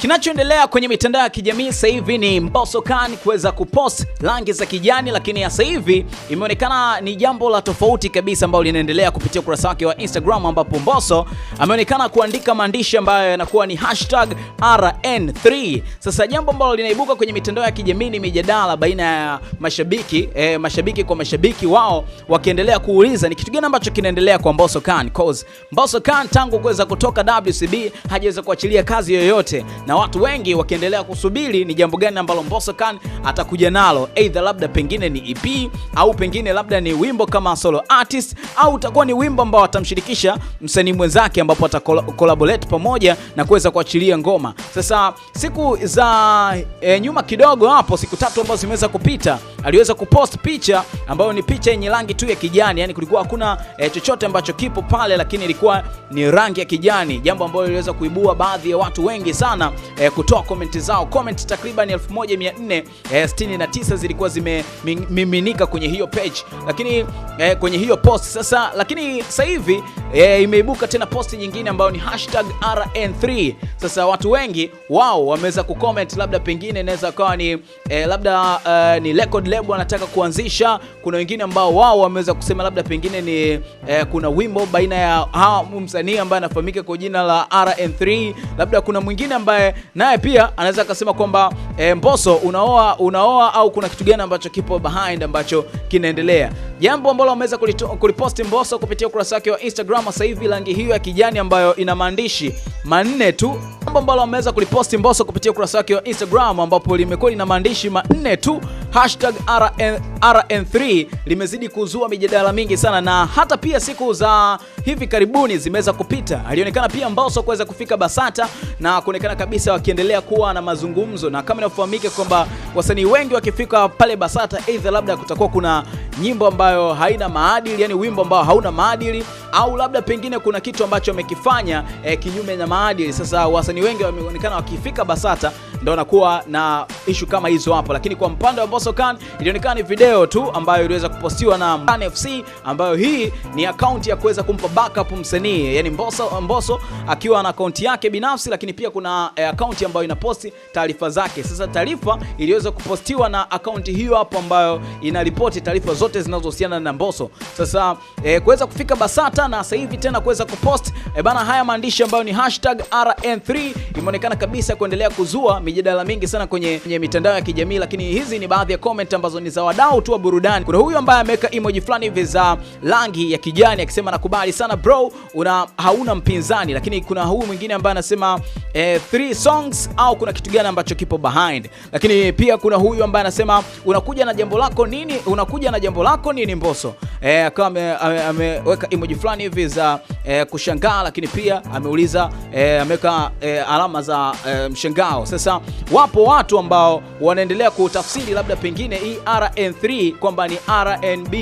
Kinachoendelea kwenye mitandao ya kijamii sasa hivi ni Mbosso Khan kuweza kupost rangi za kijani, lakini sasa hivi imeonekana ni jambo la tofauti kabisa ambalo linaendelea kupitia ukurasa wake wa Instagram, ambapo Mbosso ameonekana kuandika maandishi ambayo yanakuwa ni hashtag RN3. Sasa jambo ambalo linaibuka kwenye mitandao ya kijamii ni mijadala baina ya mashabiki eh, mashabiki kwa mashabiki wao wakiendelea kuuliza ni kitu gani ambacho kinaendelea kwa Mbosso Khan, cause Mbosso Khan tangu kuweza kutoka WCB hajaweza kuachilia kazi yoyote na watu wengi wakiendelea kusubiri ni jambo gani ambalo Mbosso Khan atakuja nalo, aidha labda pengine ni EP au pengine labda ni wimbo kama solo artist au utakuwa ni wimbo ambao atamshirikisha msanii mwenzake ambapo atakolaborate pamoja na kuweza kuachilia ngoma. Sasa siku za e, nyuma kidogo hapo, siku tatu ambazo zimeweza kupita, aliweza kupost picha ambayo ni picha yenye rangi tu ya kijani, yani kulikuwa hakuna e, chochote ambacho kipo pale, lakini ilikuwa ni rangi ya kijani, jambo ambalo liliweza kuibua baadhi ya watu wengi sana eh, kutoa komenti zao. Komenti takriban 1469 eh, zilikuwa zimemiminika kwenye hiyo page, lakini eh, kwenye hiyo post sasa, lakini sasa hivi eh, imeibuka tena post nyingine ambayo ni hashtag RN3. Sasa watu wengi wao wameweza kucomment, labda pengine inaweza kawa ni eh, labda eh, ni record label anataka kuanzisha. Kuna wengine ambao wao wameweza kusema labda pengine ni eh, kuna wimbo baina ya msanii ambaye anafahamika kwa jina la RN3, labda kuna mwingine ambaye naye pia anaweza akasema kwamba e, Mbosso unaoa unaoa au kuna kitu gani ambacho kipo behind ambacho kinaendelea. Jambo ambalo ameweza kuliposti Mbosso kupitia ukurasa wake wa Instagram sasa hivi, rangi hiyo ya kijani ambayo ina maandishi manne tu, jambo ambalo ameweza kuliposti Mbosso kupitia ukurasa wake wa Instagram ambapo limekuwa lina maandishi manne tu hashtag RN, RN3 limezidi kuzua mijadala mingi sana, na hata pia siku za hivi karibuni zimeweza kupita. Alionekana pia Mbosso kuweza kufika Basata na kuonekana kabisa wakiendelea kuwa na mazungumzo, na kama inafahamika kwamba wasanii wengi wakifika pale Basata, aidha labda kutakuwa kuna nyimbo ambayo haina maadili, yani wimbo ambao hauna maadili, au labda pengine kuna kitu ambacho amekifanya eh, kinyume na maadili. Sasa wasanii wengi wameonekana wakifika BASATA ndio wanakuwa na ishu kama hizo hapo, lakini kwa mpande wa Mbosso Khan ilionekana ni video tu ambayo iliweza kupostiwa na Khan FC, ambayo hii ni akaunti ya kuweza kumpa backup msanii, yani Mbosso, Mbosso akiwa na akaunti yake binafsi, lakini pia kuna eh, akaunti ambayo inaposti taarifa zake. Sasa taarifa iliweza kupostiwa na akaunti hiyo hapo ambayo inaripoti taarifa zote zote zinazohusiana na Mbosso. Sasa e, kuweza kufika BASATA na sasa hivi tena kuweza kupost e, bana haya maandishi ambayo ni hashtag RN3 imeonekana kabisa kuendelea kuzua mijadala mingi sana kwenye, kwenye mitandao ya kijamii, lakini hizi ni baadhi ya comment ambazo ni za wadau tu wa burudani. Kuna huyu ambaye ameweka emoji fulani hivi za rangi ya kijani akisema nakubali sana bro, una hauna mpinzani, lakini kuna huyu mwingine ambaye anasema e, three songs au kuna kitu gani ambacho kipo behind, lakini pia kuna huyu ambaye anasema unakuja na jambo lako nini, unakuja na jambo jambo lako nini mboso eh, akawa ameweka emoji fulani hivi za e, kushangaa, lakini pia ameuliza e, ameweka e, alama za e, mshangao. Sasa wapo watu ambao wanaendelea kutafsiri labda pengine hii RN3 kwamba ni RNB,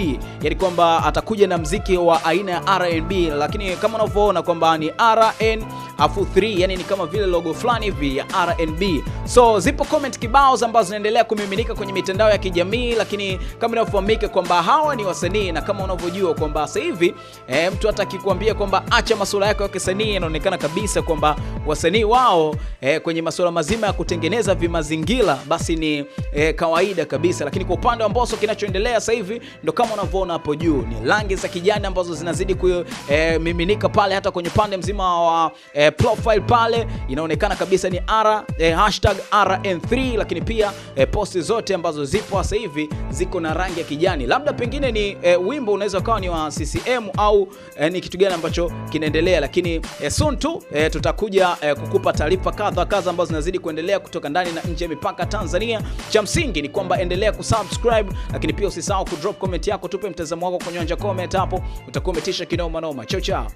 yani kwamba atakuja na mziki wa aina ya RNB, lakini kama unavyoona kwamba ni RN afu 3, yani ni kama vile logo fulani hivi ya RNB. So zipo comment kibao ambazo zinaendelea kumiminika kwenye mitandao ya kijamii, lakini kama inavyofahamika kwamba hawa ni wasanii, na kama unavyojua kwamba sasa hivi e, mtu hata akikwambia kwamba acha masuala yako ya kisanii, inaonekana kabisa kwamba wasanii wao e, kwenye masuala mazima ya kutengeneza vimazingira basi ni e, kawaida kabisa, lakini kwa upande wa Mbosso kinachoendelea sasa hivi ndo kama unavyoona hapo juu ni rangi za kijani ambazo zinazidi kumiminika e, pale hata kwenye pande mzima wa e, eh, profile pale inaonekana kabisa ni R, eh, hashtag RN3, lakini pia eh, posti zote ambazo zipo sasa hivi ziko na rangi ya kijani. Labda pengine ni eh, wimbo unaweza ukawa ni wa CCM au eh, ni kitu gani ambacho kinaendelea, lakini eh, soon tu eh, tutakuja eh, kukupa taarifa kadha kadha ambazo zinazidi kuendelea kutoka ndani na nje ya mipaka Tanzania. Cha msingi ni kwamba endelea kusubscribe, lakini pia usisahau kudrop comment yako, tupe mtazamo wako kwenye anja comment hapo, utakuwa umetisha kinoma noma. Chao chao.